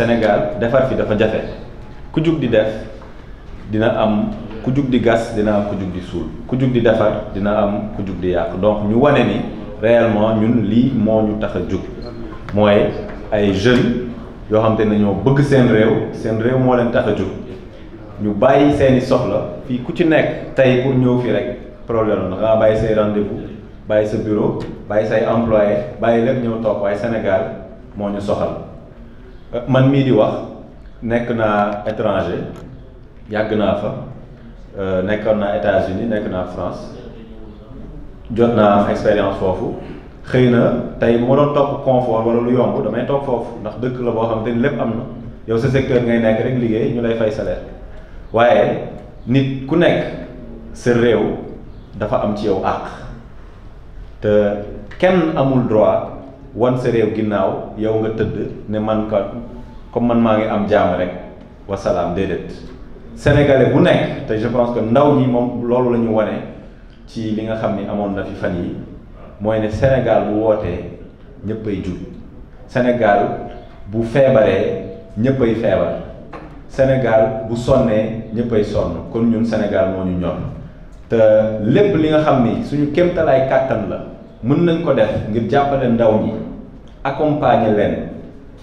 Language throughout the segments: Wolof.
Sénégal defar fi dafa Kujuk ku di def dina am ku di gas dina am ku di sul. di dina am donc ñu réellement ñun li mo ñu ay jeunes yo qui te bëgg seen réew seen réew mo leen fi problème nga say rendez-vous bayyi sa bureau bayyi say employé bayyi ñëw tok Sénégal mo ñu Euh, man mii di wax nekk naa étranger yàgg naa fa euh, nekkoon naa États-Unis nekk naa France jot naa expérience foofu xëy na tey bu ma doon topp confort wala lu yomb damay toog foofu ndax dëkk la boo xam te ni lépp am na yow sa secteur ngay nekk rek liggéey ñu lay fay salaire waaye nit ku nekk sa réew dafa am ci yow àq te kenn amul droit wan sa réew ginnaaw yow nga tëdd ne man kat comme man maa ngi am jaam rek wasalaam déedéet sénégalais bu nekk te je pense que ndaw ñi moom loolu la ñu wane ci li nga xam ni amoon na fi fan yi mooy ne Sénégal bu wootee ñëppay jug Sénégal bu feebaree ñëppay feebar Sénégal bu sonnee ñëppay sonn kon ñun Sénégal moo ñu ñor te lépp li nga xam ni suñu kéemtalaay kàttan la. mën nañ ko def ngir jàppale ndaw ñi accompagner leen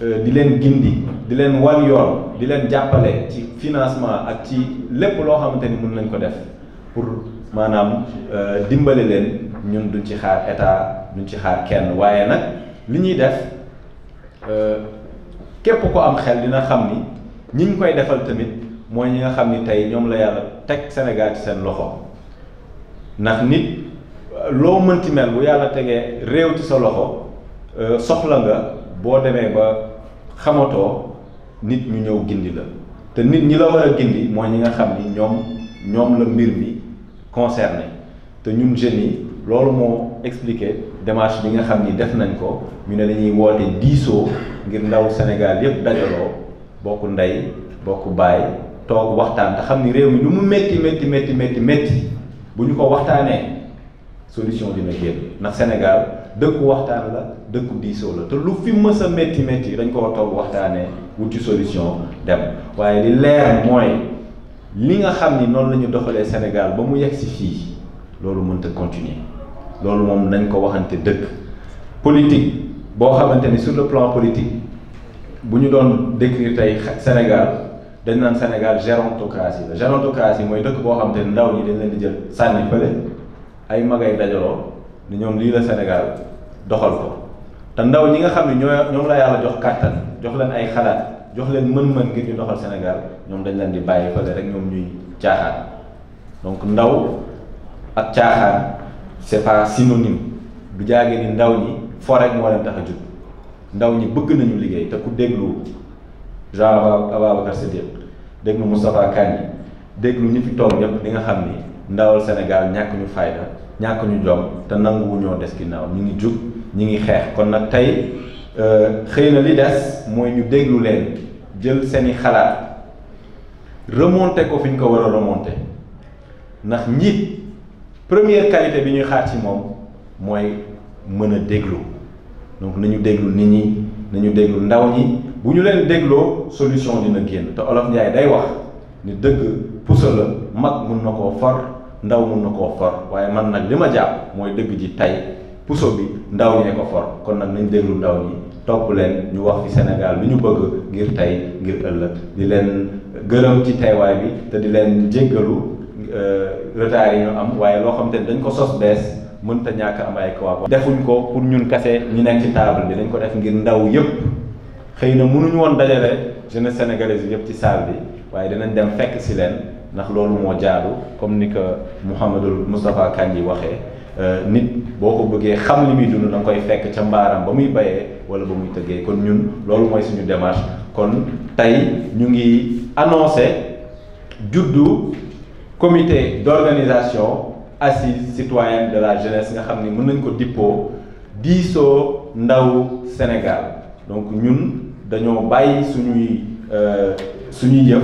euh, di leen gindi di leen war yoon di leen jàppale ci financement ak ci lépp loo xamante ni mun nañ ko def pour maanaam euh, dimbale leen ñun duñ ci xaar état duñ ci xaar kenn waaye nag li ñuy def euh, képp ko am xel dina xam ni ñi ñu koy defal tamit mooy ñi nga xam ni tey ñoom la yàlla teg Sénégal ci seen loxo ndax nit. loo mënti mel bu yàlla tegee réew ci sa loxo euh, soxla nga boo demee ba xamatoo nit ñu ñëw gindi la te nit ñi la war a gindi mooy ñi nga xam ni ñoom ñoom la mbir mi concerné te ñun jeunes yi loolu moo expliqué démarche bi nga xam ni def nañ ko ñu ne dañuy woote diisoo ngir ndaw Sénégal yépp dajaloo bokk ndey bokk baay toog waxtaan te xam ni réew mi lu mu métti métti métti métti bu ñu ko waxtaanee. solution dina génn ndax Sénégal dëkku waxtaan la dëkku diisoo la te lu fi mës a métti métti dañ ko toog waxtaanee wuti solution dem waaye li leer mooy li nga xam ni noonu la ñu doxalee Sénégal ba mu yegg si fii loolu mënta continuer loolu moom nañ ko waxante dëkk politique boo xamante ni sur le plan politique bu ñu doon décrire tey Sénégal dañ naan Sénégal gérontocratie la gérontocratie mooy dëkk boo xamante ni ndaw ñi dañ leen di jël sànni fële ay mag magay dajaloo ni ñoom lii la Sénégal doxal ko te ndaw ñi nga xam ne ñoo ñoom la yàlla jox kàttan jox leen ay xalaat jox leen mën-mën ngir ñu doxal Sénégal ñoom dañ leen di bàyyi fële rek ñoom ñuy caaxaan donc ndaw ak caaxaan c'est pas synonyme du jaage ni ndaw ñi fo rek moo leen tax a jug ndaw ñi bëgg nañu liggéey te ku déglu Jean Ababacar Siddiq déglu Moustapha Kandji déglu ñi fi toog ñëpp li nga xam ni ndawal Sénégal nous ñu fayda ñàkk ñu jom te fait des ginnaaw ñu ngi jug ñu ngi xeex kon nag tey euh, xëy na li des mooy ñu déglu leen jël seeni xalaat remonté ko Nous ko remonté première qualité bi ñuy xaar nous, moom mooy déglu donc nañu déglu nit ñi nañu déglu ndaw ñi bu leen solution dina génn te Olof Njaay day wax ni dëgg la nous mun na ndaw mun na koo for waaye man nag li ma jàpp mooy dëgg ji tey puso bi ndaw ñee ko for kon nag nañ déglu ndaw ñi topp leen ñu wax fi Sénégal bi ñu bëgg ngir tey ngir ëllëg di leen gërëm ci teewaay bi te di leen jënkalu euh, retard yi ñu am waaye loo xam te dañ ko sos bees mënta ñàkk am ay kawaab defuñ ko pour ñun kase ñu nekk ci taabal bi dañ ko def ngir ndaw yëpp xëy na mënuñu woon dajale jeunesse sénégalaise yëpp ci saal bi waaye danañ dem fekk si leen ndax loolu moo jaadu comme ni ko Mouhamadul Moustapha Kandji waxee euh, nit boo ko bëggee xam li muy dund da nga koy fekk ca mbaaram ba muy bayee wala ba muy tëggee kon ñun loolu mooy suñu démarche kon tey ñu ngi annoncé juddu comité d'organisation assise citoyenne de la jeunesse nga xam ni mun nañ ko dippoo diisoo ndaw Sénégal donc ñun dañoo bàyyi suñuy euh, suñuy yëf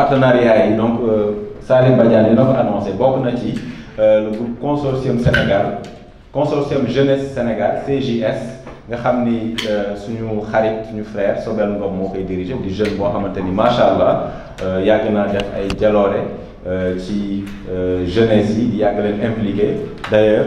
partenariat yi donc euh, Salim Badiane dina ko annoncé bokk na ci euh, le groupe consortium Sénégal consortium jeunesse Sénégal CJS nga xamni ni euh, suñu xarit suñu frère Sobel Ngom moo koy dirigé di jeune bo xamante ni macha allah yàgg naa def ay jaloore ci jeunesse yi di yàgg leen impliqué d'ailleurs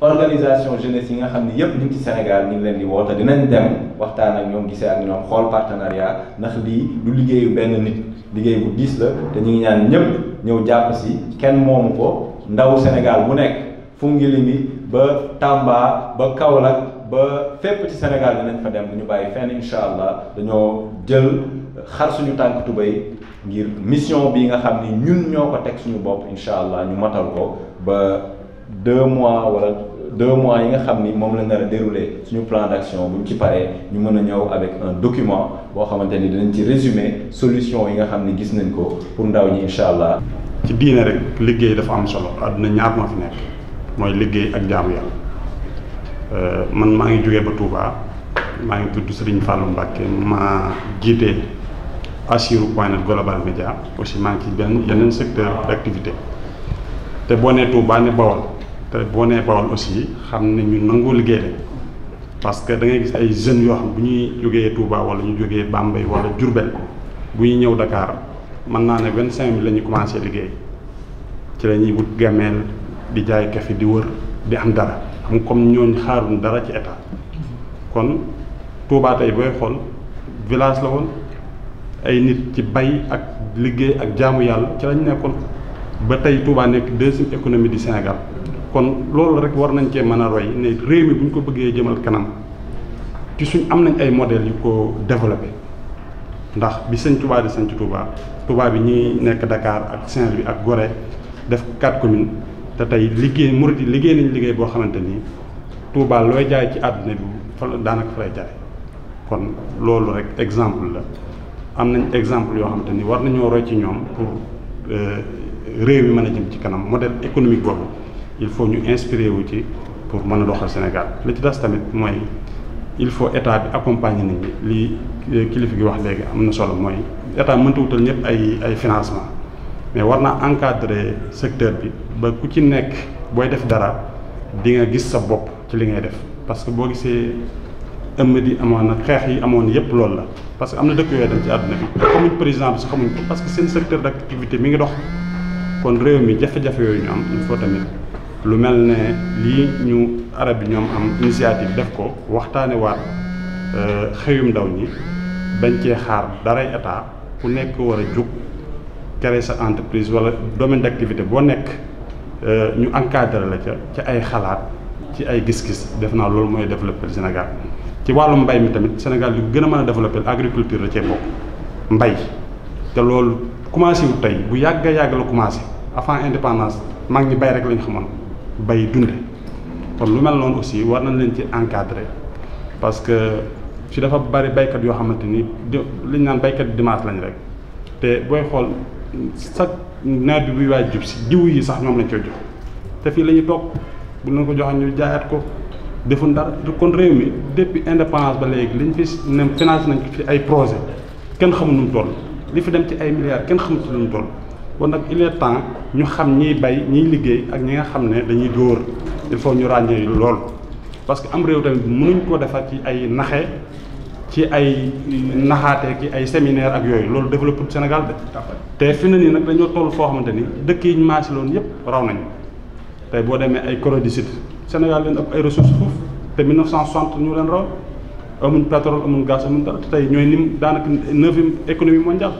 organisation jeunesse yi nga xam ne yëpp ñu ci Sénégal ñu ngi leen di woo dinañ dem waxtaan ak ñoom gisee ak ñoo xool partenariat ndax lii du liggéeyu benn nit liggéey bu diis la te ñu ngi ñaan ñëpp ñëw jàpp si kenn moomu ko ndaw Sénégal bu nekk Foundiouly ba Tamba ba Kaolack ba fépp ci Sénégal dinañ fa dem du ñu bàyyi fenn incha allah dañoo jël euh, xar suñu tànk tubéy ngir mission bi nga xam ni ñun ñoo ko teg suñu bopp incha allah ñu matal ko ba deux mois deux mois yi nga xamni mom la nar dérouler suñu plan d'action buñ ci paré ñu mëna ñëw avec un document bo xamanteni ni dinañ ci résumé solution yi nga xamni gis nañ ko pour ndaw ñi inshallah ci diine rek liggéey dafa am solo aduna ñaar ma fi nekk mooy liggéey ak jaamu yàlla euh, man maa ngi jógee ba Touba maa ngi tudd Serigne Fallou Mbacke ma jiite Assirou point net global média aussi maa ngi ci benn yeneen secteur d' activité te boo nee Touba ne Bawol. te boo nee Bawol aussi xam ne ñu nangoo liggéey lañ parce que da ngay gis ay jeunes yoo xam bu ñuy jógee Touba wala ñu jógee Bambey wala ko bu ñuy ñëw Dakar mën naa ne vingt cinq mille la ñu commencé liggéey ci lañuy wut gameel di jaay kafe di wër di am dara xam comme ñooñu xaaruñ dara ci état kon Touba tey booy xool village la woon ay nit ci bay ak liggéey ak jaamu yàlla ci lañ nekkoon ba tey Touba nekk deuxième économie du Sénégal kon loolu rek war nañ cee mën a roy ne réew mi bu ñu ko bëggee jëmal kanam ci suñ am nañ ay model yu ko développé ndax bi sëñ Touba di sëñ Touba Touba bi ñuy nekk dakaar ak Saint-Louis ak gore def quatre commune te tey liggéey murit yi liggéey nañ liggéey boo xamante ni Touba looy jaay ci àdduna bi fa daanaka fa lay jaay kon loolu rek exemple la am nañ exemple yoo xamante ni war nañoo roy ci ñoom pour euh, réew yi mën a jëm ci kanam modèle économique boobu il faut nous inspirer wu pour mën a Sénégal Le ci tamit mooy il faut état bi accompagner nit li lii gi wax légui amna solo moy état mënta tawutal ñep ay ay financement mais warna encadrer secteur bi ba ku ci nekk boy def dara di nga gis sa bop ci li ngay def parce que bo gisee eumadi di xex yi amone yep lool la parce que amna dëkk yooyu dem ci aduna bi xamuñ président bi sax xamuñ ko parce que seen secteur d'activité mi ngi dox kon réew mi jafé jafé yooyu ñu am il faut tamit lu mel ne lii ñu arab yi ñoom am initiative def ko waxtaane waat euh, xëyum ndaw ñi bañ cee xaar daray état ku nekk war a jóg kere sa entreprise wala domaine activité boo nekk euh, ñu encadré la ca ci ay xalaat ci ay gis-gis def naa loolu mooy développer Sénégal ci wàllum mbay mi tamit Sénégal li gën a mën a développer agriculture la cee bokk mbay te loolu commencé tey bu yàgg yàgg la commencé avant indépendance mag ñi bay rek lañ xamoon bay dunde kon lu mel noonu aussi war nañ leen ci encadré parce que fi dafa bari baykat yoo xamante ni di li ñu naan baykat dimanche lañ rek te booy xool chaque nawet bi buy waaj jub si jiwu yi sax ñoom lañ koy jox te fii la ñuy toog bu ñu ko joxee ñu jaayaat ko defuñ dara kon réew mi depuis indépendance ba léegi liñ fi ne financé nañ fi ay projet kenn xamul nu mu toll li fi dem ci ay milliards kenn xamul ci lu mu toll. kon nag il est temps ñu xam ñiy bay ñiy liggéey ak ñi nga xam ne dañuy góor il faut ñu ràññee loolu parce que am réew tamit mënuñ koo defar ci ay naxe ci ay naxaate ki ay séminaire ak yooyu loolu développé Sénégal de te fi na nii nag dañoo toll foo xamante ni dëkk yi ñu maasi loon yëpp raw nañ te boo demee ay Corée du Sénégal leen ëpp ay ressources foofu te ñu leen raw amuñ pétrole amuñ gaz amuñ dara te tey ñooy nim daanaka neuvième économie mondiale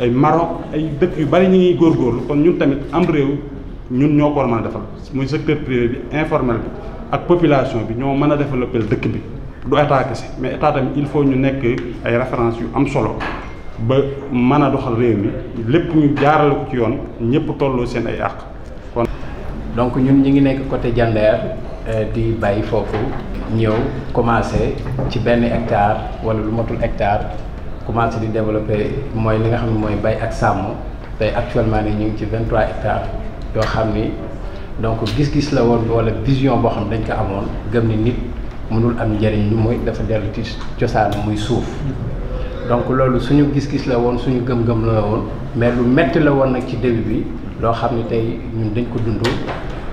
ay Maroc ay dëkk yu bari ñu góor góorgóorlu kon ñun tamit am réew ñun ñoo ko war a mën a defal muy secteur privé bi informel bi ak population bi ñoo mën a développer dëkk bi du état si mais état tamit il faut ñu nekk ay référence yu am solo ba mën a doxal réew mi lépp ñu jaarale ko ci yoon ñëpp tolloo seen ay àq kon donc ñun ñu ngi nekk côté Diender eh, di bàyyi foofu ñëw commencé ci benn hectare wala lu matul hectare commencé di développer mooy li nga xam ne mooy bay ak sàmm tey actuellement nii ñu ngi ci 23 hectares yoo xam ni donc gis-gis la woon wala vision boo xam dañ ko amoon gëm ni nit mënul am njëriñ lu muy dafa dellu ci cosaan muy suuf donc loolu suñu gis-gis la woon suñu gëm-gëm la woon mais lu metti la woon nag ci début bi loo xam ne tey ñun dañ ko dund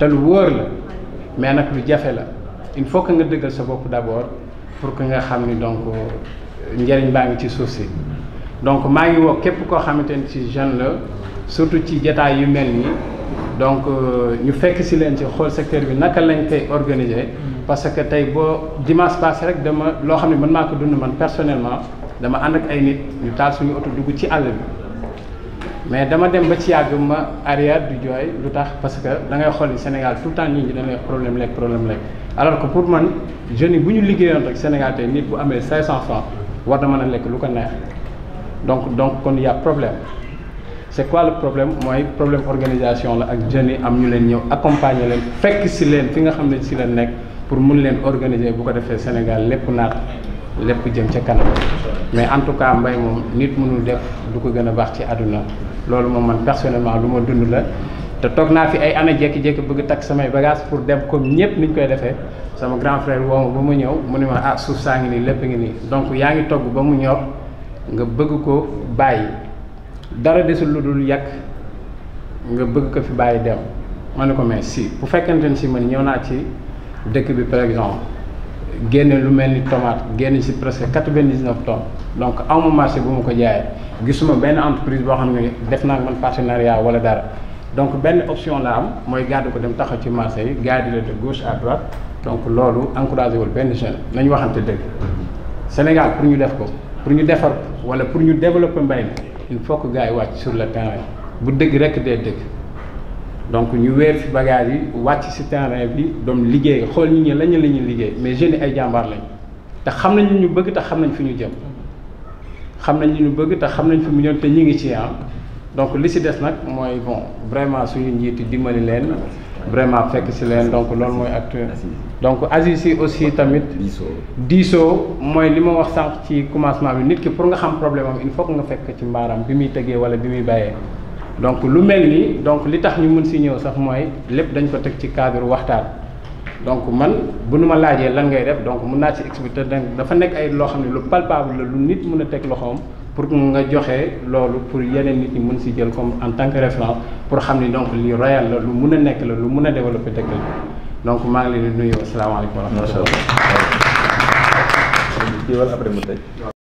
te lu la mais nak lu jafé la il faut que nga dëggal sa bop d'abord pour que nga xamni donc euh, njëriñ baangi ci suuf donc ma ngi wo képp ko xamante ci jeune la surtout ci jataay yu melni donc euh, ñu fekk ci leen ci xool secteur bi naka lañ tay organiser parce que tay bo dimanche passé rek dama lo xamni man mako dund man personnellement dama and ak ay nit ñu tal suñu auto dugg ci àll bi mais dama dem ba ci yàgg ma arrière du joy lu tax parce que da ngay xol Sénégal tout temps nit ñi dañuy wax problème lekk problème lekk alors que pour man jeunes buñu liggéeyon rek Sénégal tay nit bu amé 500 francs war na mën a lu ko neex donc donc kon y a problème c'est quoi le problème mooy problème organisation la ak jeunes am ñu leen ñew accompagner leen fekk ci leen fi nga xamné ci si leen nekk pour mun leen organiser bu ko défé Sénégal lepp naat. lépp jëm ca kanam mais en tout cas mbay moom nit mënul def du ko gën a baax ci àdduna loolu moom man personnellement lu ma dund la te toog naa fi ay ana jékki-jékki bëgg takk samay bagage pour dem comme ñëpp niñ koy defee sama grand frère woo ba mu ñëw mu ne ma ah suuf saa ngi nii lépp ngi nii donc yaa ngi togg ba mu ñor nga bëgg ko bàyyi dara desul lu dul yàq nga bëgg ko fi bàyyi dem ma ne ko mais si bu fekkente ne si man ñëw naa ci dëkk bi par génné lu melni tomate génné ci presque quatre tonnes donc amu marché bu ma ko jaayee gisuma ben entreprise bo xamné ne def naa man partenariat wala dara donc ben option la am moy gàddu ko dem taxaw ci marché yi garder la de gauche à droite donc lolu encouragé wol ben jeune nañu waxante deug Sénégal pour ñu def ko pour ñu défar wala pour ñu développer mbay mi il faut que gaay wacc sur le terrain bu deug rek dee deug donc ñu wër fi bagage yi wacc ci terrain bi doom liggéey xool ñu ne lañu la liggéey mais jeunes ay jàmbaar lañ te xam nañ ñu bëgg te xam nañ fi ñu jëm xam nañ ñu bëgg te xam nañ fi mu jëm te ñu ngi ci am ah. donc li si des nag mooy bon vraiment suñu njiitu dimbali leen vraiment fekk si leen donc loolu mooy acteur donc Aziz yi aussi tamit diisoo mooy li ma wax sànq ci commencement bi nit ki pour nga xam problème am il faut que nga fekk ci mbaaram bi muy tegee wala bi muy bàyyee donc lu mel nii donc li tax ñu mën si ñëw sax mooy lépp dañ ko teg ci cadre waxtaan donc man bu nu ma laajee lan ngay def donc mun naa ci expliquer dafa nekk ay loo xam ne lu palpable la lu nit mun a teg loxoom pour nga joxe loolu pour yeneen nit ñi mun si jël comme en tant que référence pour xam ni donc li royal la lu mun a nekk la lu mun a développer dëkk la donc maa ngi leen di nuyu asalaamaaleykum wa rahmatulah.